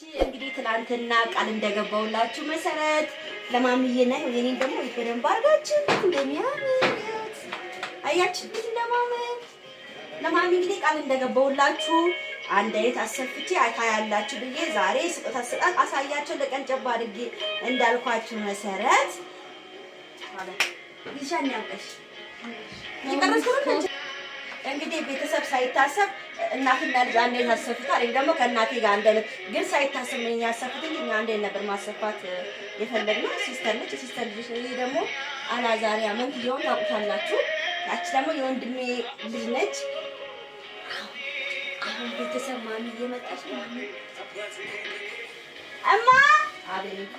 ች እንግዲህ ትናንትና ቃል እንደገባውላችሁ መሰረት ለማምዬና የኔን ደግሞ በደንብ አድርጋችሁ እንደሚያምት አያችሁት። ለማሚ እንግዲህ ቃል እንደገባውላችሁ አንድ አይነት አሰፍቼ አይታያላችሁ ብዬ ዛሬ ስጦታ ስጣት አሳያቸው ለቀንጨባ አድርጌ እንዳልኳችሁ መሰረት ይሻን ያውቀሽ እንግዲህ ቤተሰብ ሳይታሰብ እናትና ልጅ አንዴ ያሰፉታል። እኔ ደግሞ ከእናቴ ጋር አንድ አይነት ግን ሳይታሰብ ምን ያሰፉትኝ እና አንዴ ነበር ማሰፋት የፈለግነው። ሲስተር ልጅ ሲስተር ልጅ ደግሞ አላዛሪያ ይሆን ታውቁታላችሁ። ያቺ ደግሞ የወንድሜ ልጅ ነች። አሁን ቤተሰብ ማሚ እየመጣች ነው። ማሚ እማ አቤት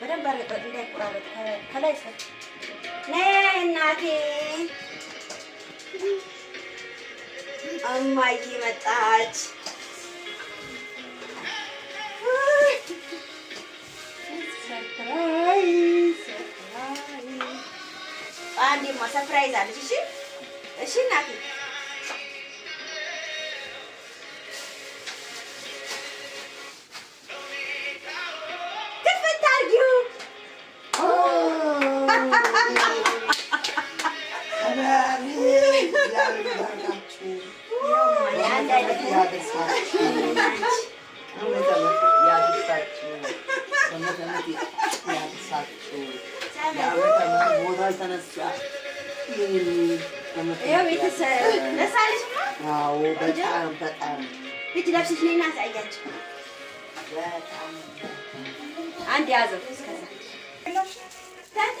በደንብ አረቀጥ እንዳይቆራረጥ ከላይ ሰ ነይ እናቴ እማዬ መጣች። አንዴማ ሰፕራይዝ አለች። እሺ፣ እሺ እናቴ አንድ ያዘው እስከዛ ታታ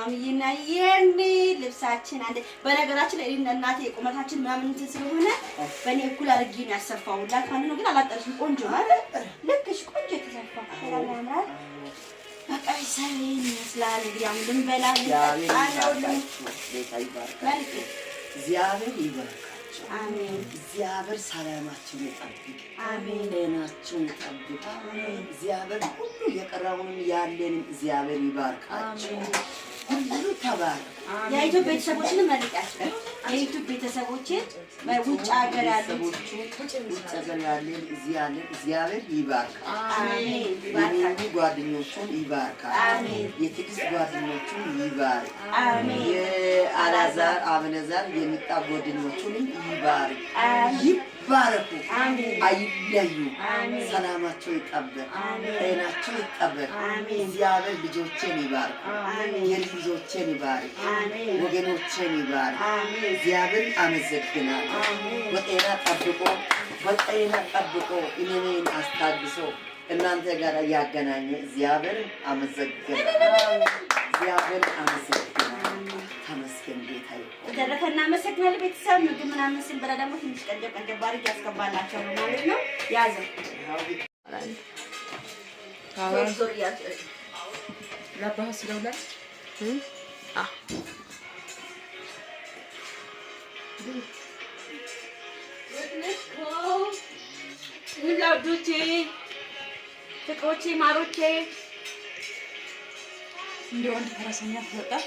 ማሚዬና የኔ ልብሳችን አንድ። በነገራችን ላይ እኔና እናቴ የቁመታችን ምናምን ስለሆነ በእኔ እኩል አድርጌ ነው ያሰፋሁላት ማለት ነው። ግን አላጠርሽም። ቆንጆ አይደል? ልክ ቆንጆ እግዚአብሔር ይጠብቅ። አሜን። ይጠብቅ። አሜን። እግዚአብሔር ሁሉ ያለንም እግዚአብሔር ሁሉ ተባሉ። የኢትዮጵያ ቤተሰቦችን መልቅ ያስፈል ቤተሰቦችን ውጭ ሀገር ያሉት ውጭ ሀገር ያለን እግዚአብሔር ይባርካል። ጓደኞቹን ይባርካል። የትዕግስት ጓደኞቹን ይባርክ አልዓዛር አብነዛር የሚጣ ጓደኞቹንም ይባርክ ይባረኩ፣ አይለዩ። ሰላማቸው ይጠብቅ፣ ጤናቸው ይጠብቅ። እግዚአብሔር ልጆቼን ይባርክ፣ የልጆቼን ይባርክ፣ ወገኖቼን ይባርክ። እግዚአብሔር አመሰግናል። በጤና ጠብቆ በጤና ጠብቆ እኔን አስታግሶ እናንተ ጋር ያገናኘ እግዚአብሔር አመሰግናል። እግዚአብሔር አመሰግናል። በተረፈ እናመሰግናል። ቤተሰብ ምግብ ምናምን ስንበላ ደግሞ ትንሽ ቀንጀብ ቀንጀብ አድርጌ ያስገባላቸው ማለት ነው። ያዘው ውዶቼ፣ ፍቅሮቼ፣ ማሮቼ እንደ ወንድ ፈረሰኛ ተወጣት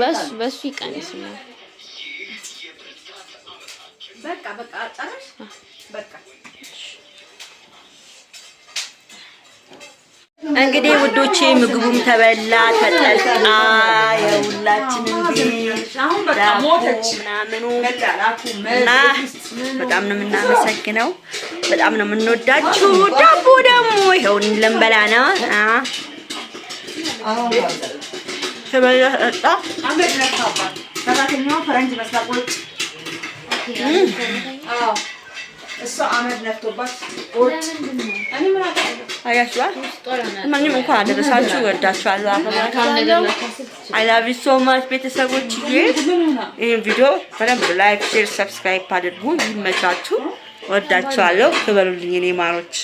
በሱ ይቀንስ። በቃ በቃ አጣራሽ በቃ እንግዲህ ውዶቼ ምግቡም ተበላ ተጠጣ እንግዲህ ዳቦ ምናምኑ እና በጣም ነው የምናመሰግነው። በጣም ነው የምንወዳችሁ። ዳቦ ደግሞ ይኸው ልንበላ ነው። ተበላ እሷ አመድ ነፍቶባት አያችኋል። ማንም እንኳን አደረሳችሁ። እወዳችኋለሁ። አይ ላቭ ዩ ሶ ማች ቤተሰቦች። ይህን ቪዲዮ በደንብ ላይክ፣ ሼር፣ ሰብስክራይብ አድርጉ። ይመቻችሁ። እወዳችኋለሁ። ክበሉልኝ የኔ ማሮች።